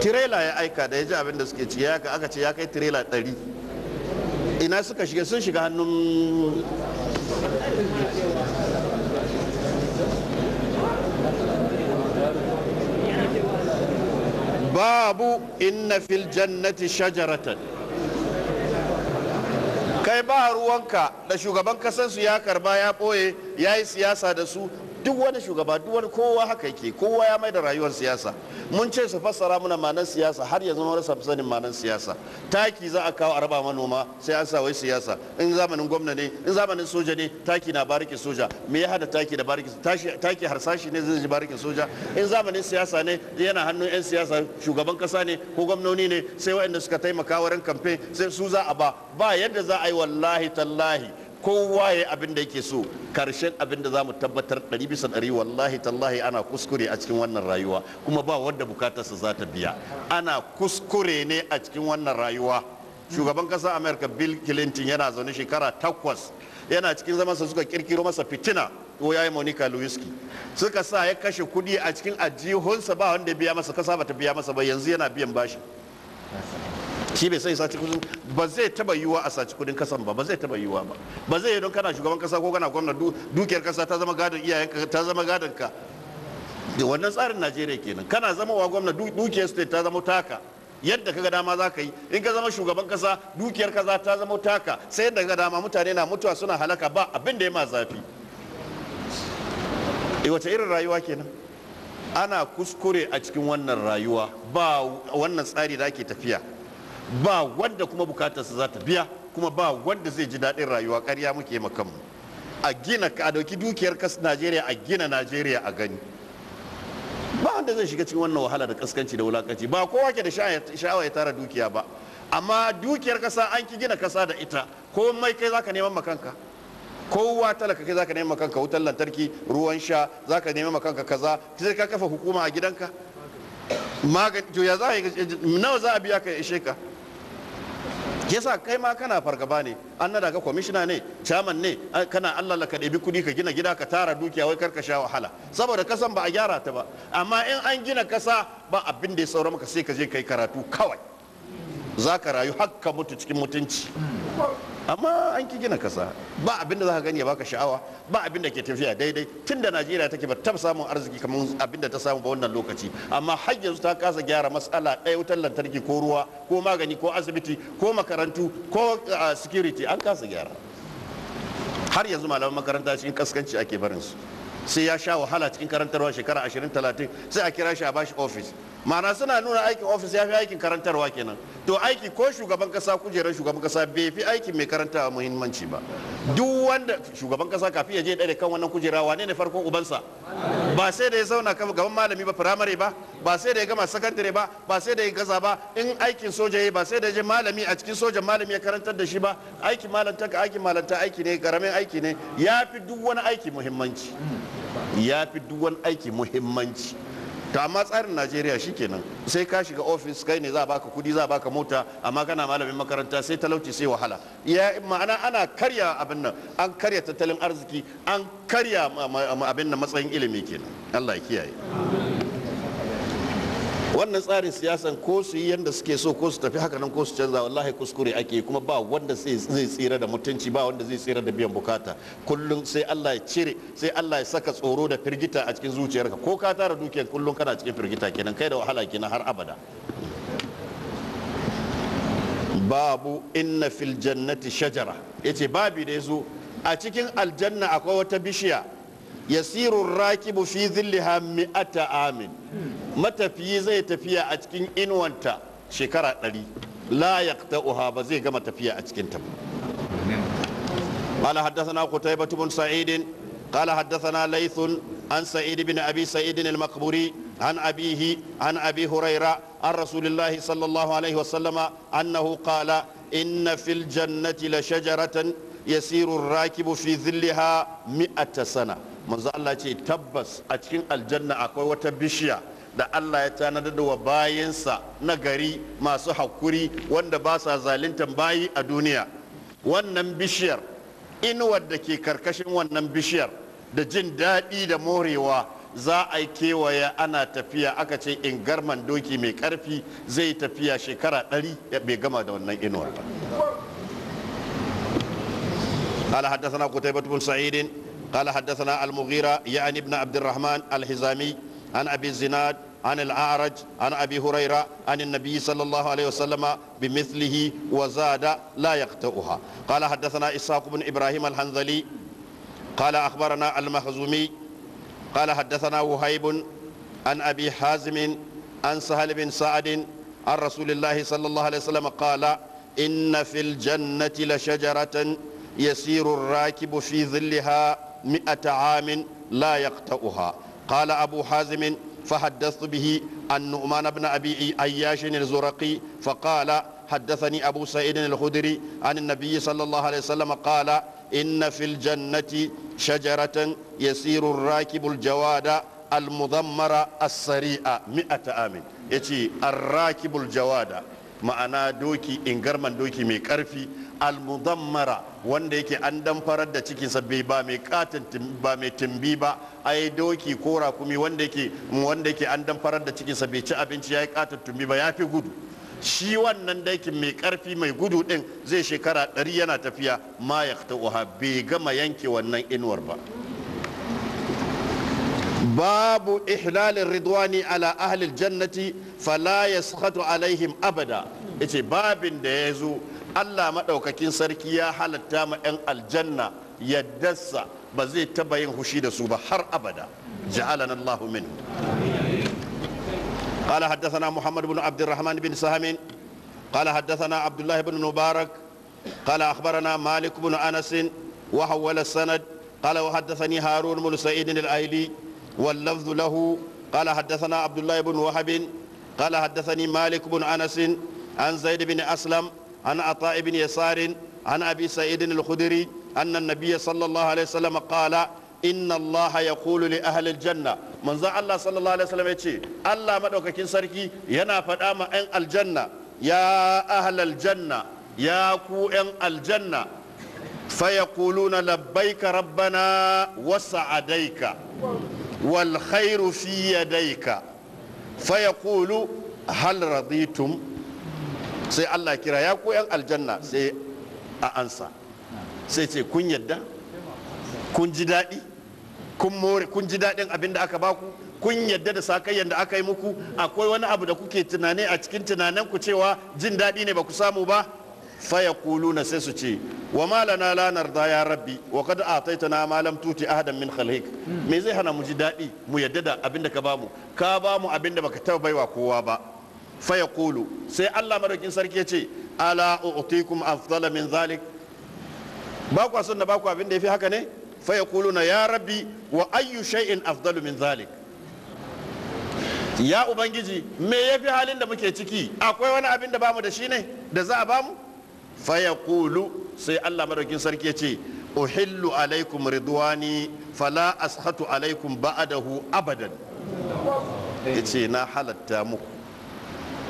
tirela ya aika da ya ji abin suke ci ya aka ce ya kai tirela ɗari ina suka shiga sun shiga hannun babu inna fil jannati shajaratan kai ba ruwanka da shugaban kasansu ya karba ya ɓoye ya yi siyasa da su duk wani shugaba duk wani kowa haka yake kowa ya mai da rayuwar siyasa mun ce su fassara muna manan siyasa har yanzu mun rasa sanin manan siyasa taki za a kawo a raba manoma sai an sa wai siyasa in zamanin gwamna ne in zamanin soja ne taki na bariki soja me ya hada taki da bariki taki harsashi ne zai ji bariki soja in zamanin siyasa ne yana hannun yan siyasa shugaban kasa ne ko gwamnoni ne sai waɗanda suka taimaka wurin kamfe sai su za a ba ba yadda za a yi wallahi tallahi kowa ya abin da yake so karshen abin da za mu tabbatar ɗari bisa ɗari wallahi tallahi ana kuskure a cikin wannan rayuwa kuma ba wanda bukatarsa za ta biya ana kuskure ne a cikin wannan rayuwa shugaban ƙasar Amerika bill clinton yana zaune shekara takwas yana cikin zamansa suka kirkiro masa fitina ko yayi monica lewinsky suka sa ya kashe kuɗi a cikin ajihunsa ba wanda ya biya masa kasa ba ta biya masa ba yanzu yana biyan bashi shi bai sai saci kudin ba zai taba yiwa a saci kudin kasan ba ba zai taba yiwa ba ba zai yi don kana shugaban kasa ko kana gwamna dukiyar kasa ta zama gadon iyayenka ta zama gadon ka wannan tsarin najeriya kenan kana zama wa gwamna dukiyar state ta zama taka yadda kaga dama za ka yi in ka zama shugaban kasa dukiyar kaza ta zama taka sai yadda kaga dama mutane na mutuwa suna halaka ba abin da ya ma zafi e wace irin rayuwa kenan ana kuskure a cikin wannan rayuwa ba wannan tsari da ake tafiya ba wanda kuma bukatarsa za ta biya kuma ba wanda zai ji daɗin rayuwa ƙarya muke makanmu a gina ka a dauki dukiyar kas najeriya a gina najeriya a gani ba wanda zai shiga cikin wannan wahala da kaskanci da wulakanci ba kowa ke da sha'awa ya tara dukiya ba amma dukiyar kasa an ki gina kasa da ita komai kai zaka neman makanka kowa talaka kai zaka neman makanka wutar lantarki ruwan sha zaka neman makanka kaza sai ka kafa hukuma a gidanka magani to ya za nawa za a biya ka ya ishe ka yasa kai ma kana fargaba ne an nada ka kwamishina ne chairman ne kana Allah ka ɗebi kuɗi ka gina gida ka tara dukiya wai kar ka sha wahala saboda kasan ba a gyara ta ba amma in an gina kasa ba abin da ya saura maka sai ka je kai karatu kawai za ka rayu hakka mutu cikin mutunci amma an ki gina kasa ba abinda za ka gani ya baka sha'awa ba abinda ke tafiya daidai tun da najeriya take ba ta samun arziki kamar abinda ta samu ba wannan lokaci amma har yanzu ta kasa gyara matsala ɗaya wutar lantarki ko ruwa ko magani ko asibiti ko makarantu ko ah, security an kasa gyara har yanzu malaman makaranta cikin kaskanci ake su sai ya sha wahala cikin karantarwa shekara 20 30 sai a kira shi a bashi ofis. ma'ana suna nuna aikin ofis ya fi aikin karantarwa kenan to aiki ko shugaban kasa kujerar shugaban kasa bai fi aikin mai karantawa muhimmanci ba duk wanda shugaban kasa kafin ya je ɗaya kan wannan kujera wane ne farkon ubansa ba sai da ya zauna gaban malami ba firamare ba ba sai da ya gama sakandare ba ba sai da ya gaza ba in aikin soja ya ba sai da ya je malami a cikin sojan malami ya karantar da shi ba aikin malanta ka aikin malanta aiki ne karamin aiki ne ya fi duk wani aiki muhimmanci ya fi duk wani aiki muhimmanci to amma tsarin najeriya shi kenan, sai ka shiga ofis kai ne za baka kudi za baka mota amma kana malamin makaranta sai talauci sai wahala ya ma'ana ana karya abin nan an karya tattalin arziki an karya abin nan matsayin ilimi kenan allah ya kiyaye wannan tsarin siyasan ko su yi yadda suke so ko su tafi haka nan ko su canza wallahi kuskure ake kuma ba wanda zai tsira da mutunci ba wanda zai tsira da biyan bukata kullum sai Allah ya cire sai Allah ya saka tsoro da firgita a cikin zuciyarka ko ka tara dukiyar kullum kana cikin firgita kenan kai da wahala kenan har abada babu inna fil jannati shajara yace babi da yazo a cikin aljanna akwai wata bishiya yasirun rakibu fi zilliha amin matafiyi zai tafiya a cikin inuwanta shekara ɗari la yaqta uha ba zai gama tafiya a cikin ta qala haddathana qutaybah ibn sa'id qala haddathana laith an sa'id ibn abi sa'id al-maqburi an abihi an abi huraira an rasulillah sallallahu alayhi wa sallama annahu qala inna fil jannati la shajaratan yasiru ar-rakibu fi dhillaha mi'ata sana manzo Allah ce tabbas a cikin aljanna akwai wata bishiya da Allah ya tanadar da wa bayansa na gari masu hakuri wanda ba sa zalintan bayi a duniya wannan bishiyar inuwar da ke karkashin wannan bishiyar da jin daɗi da morewa za a yi kewaye ana tafiya aka ce in garman doki mai karfi zai tafiya shekara ɗari bai gama da wannan inuwar haddasa na kutai sa'idin قال حدثنا المغيرة يعني ابن عبد الرحمن الحزامي عن أبي الزناد عن الأعرج عن أبي هريرة عن النبي صلى الله عليه وسلم بمثله وزاد لا يقتؤها قال حدثنا إسحاق بن إبراهيم الحنظلي قال أخبرنا المخزومي قال حدثنا وهيب عن أبي حازم عن سهل بن سعد عن رسول الله صلى الله عليه وسلم قال إن في الجنة لشجرة يسير الراكب في ظلها مئة عام لا يقطعها قال أبو حازم فحدثت به عن نؤمان بن أبي أياش الزرقي فقال حدثني أبو سعيد الخدري عن النبي صلى الله عليه وسلم قال إن في الجنة شجرة يسير الراكب الجواد المضمرة السريعة مئة عام يتي الراكب الجواد ma'ana doki ingarman doki mai karfi almudammara wanda yake an damfarar da cikinsa bai ba mai katin ba mai timbi ba ai doki ko rakumi wanda yake wanda an damfarar da cikinsa bai ci abinci ya yi katin tumbi ba ya fi gudu shi wannan dakin mai karfi mai gudu din zai shekara ɗari yana tafiya ma ya bai gama yanke wannan inuwar ba babu ihlalin ridwani ala ahlil jannati fala yaskhatu alaihim abada yace babin da ya zo Allah maɗaukakin sarki ya halatta ma 'yan aljanna yaddarsa ba zai taba yin hushi da su ba har abada ja'alana Allahu min قال حدثنا محمد بن عبد الرحمن بن سهم قال حدثنا عبد الله بن مبارك قال أخبرنا مالك بن أنس وحول السند قال وحدثني هارون بن سعيد الأيلي واللفظ له قال حدثنا عبد الله بن وهب قال حدثني مالك بن أنس عن زيد بن أسلم عن عطاء بن يسار عن أبي سعيد الخدري أن النبي صلى الله عليه وسلم قال inna Allah ya kulu li ahalil janna manzan Allah sallallahu alaihi wasallam ya ce Allah madaukakin sarki yana faɗa ma 'yan aljanna ya ahalal janna ya ku 'yan aljanna faya kuluna labbaika rabbana wasa wal khairu fi yadayka fa yaqulu hal raditum sai Allah kira ya koyan aljanna sai a ansa sai ce kun yadda kun ji daɗi kun more kun ji daɗin abin da aka baku kun yadda da sakayyar da aka yi muku akwai wani abu da kuke tunane a cikin tunanen ku cewa jin daɗi ne ba ku samu ba na sai su ce wa ma na lanar da ya rabbi wa a taita na malam tuti ahadan min khalik me zai hana mu ji daɗi mu yadda da abinda ka bamu ka bamu abinda baka taba baiwa kowa ba kulu sai Allah madaukin sarki ya ce ala u'tikum afdala min zalik ba ku son na ba ku ya fi haka ne na ya rabbi wa ayyu shay'in afdalu min zalik ya ubangiji me yafi halin da muke ciki akwai wani abin da bamu da shi ne da za a bamu fayaqulu sai Allah madaukin sarki ya ce uhillu alaikum ridwani fala ashatu alaikum ba'adahu abadan ce na halatta muku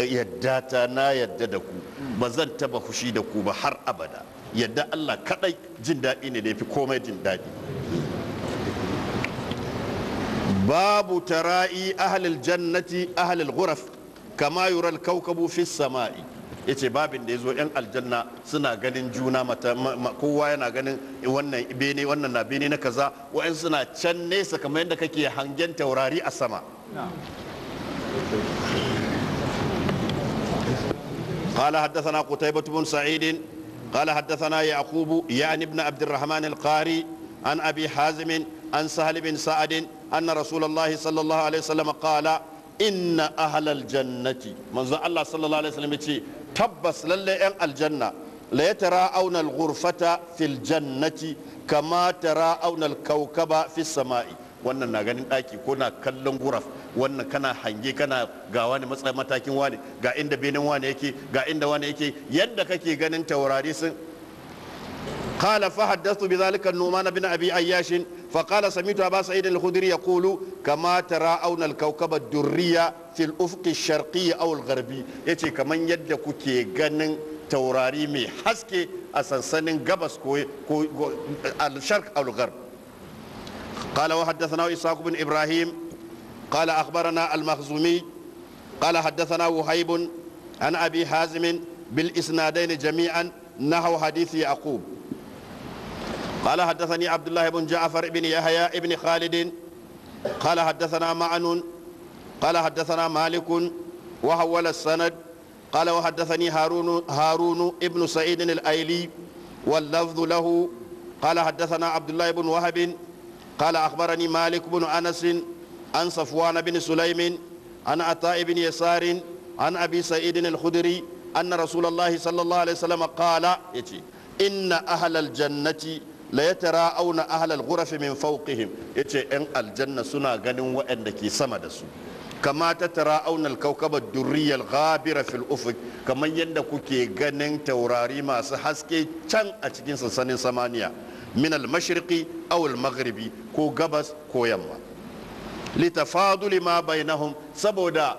yadda ta na yadda da ku ba zan taba fushi da ku ba har abada yadda Allah kadai jin daɗi ne da yafi komai jin daɗi babu tara'i ahlul jannati ahlul ghuraf kama yural kawkabu fis sama'i ya ce babin da ya zo 'yan aljanna suna ganin juna mata kowa yana ganin wannan bene wannan na bene na kaza wa'in suna can nesa kamar yadda kake hangen taurari a sama قال حدثنا قتيبة بن سعيد قال حدثنا يعقوب يعني ابن عبد الرحمن القاري عن أبي حازم عن سهل بن سعد أن رسول الله صلى الله عليه وسلم قال إن أهل الجنة من الله صلى الله عليه وسلم يقول tabbas lalle yan aljanna la ya tara auna al-ghurfata fil jannati kama tara auna kaukaba fi sama'i wannan na ganin ɗaki ko na kallon guraf wannan kana hange kana ga wani matsayin matakin wani ga inda benin wani yake ga inda wani yake yadda kake ganin taurari sun fa قال فحدثت بذلك النومان بن ابي عياش فقال سمعت أبا سعيد الخدري يقول كما ترى أون الكوكب الدرية في الأفق الشرقي أو الغربي يتي كمن يد كوكي غنن taurari mai haske a sansanin gabas ko al-sharq al-gharb قال وحدثنا إسحاق بن إبراهيم قال أخبرنا المخزومي قال حدثنا وهيب عن أبي حازم بالإسنادين جميعا نحو حديث يعقوب قال حدثني عبد الله بن جعفر بن يحيى بن خالد قال حدثنا معن قال حدثنا مالك وحول السند قال وحدثني هارون هارون ابن سعيد الايلي واللفظ له قال حدثنا عبد الله بن وهب قال اخبرني مالك بن انس عن صفوان بن سليم عن عطاء بن يسار عن ابي سعيد الخدري ان رسول الله صلى الله عليه وسلم قال ان اهل الجنه la auna ahalal gurafi min fawqihim yace yan aljanna suna ganin waɗanda ke sama da su kama ta tara auna alkaukaba duriyar ghabira fil ufuk kamar yadda kuke ganin taurari masu haske can a cikin sansanin samaniya min al mashriqi aw al ko gabas ko yamma litafaduli ma bainahum saboda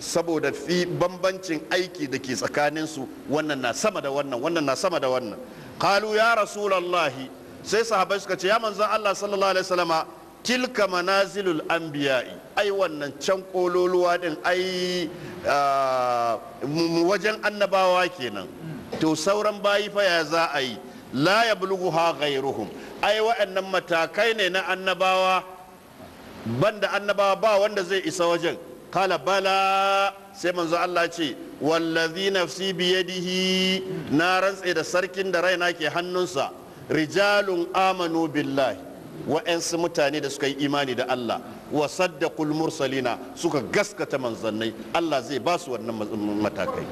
saboda fi bambancin aiki da ke tsakaninsu wannan na sama da wannan wannan na sama da wannan Kalu ya rasulullahi sai sahabai suka ce ya manzon Allah sallallahu alaihi wasallama tilka manazilul biya ai wannan can kololuwa din ai wajen annabawa kenan to sauran bayi fa ya za a yi la yablughuha ghairuhum ai waɗannan matakai ne na annabawa banda annabawa ba wanda zai isa wajen kala bala sai manzo Allah ce wallazi nafsi biyadihi na rantse da sarkin da raina ke hannunsa rijalun amanu billahi wa'ansu mutane da suka yi imani da Allah wa saddaqul mursalina suka gaskata manzannai Allah zai ba su wannan matakai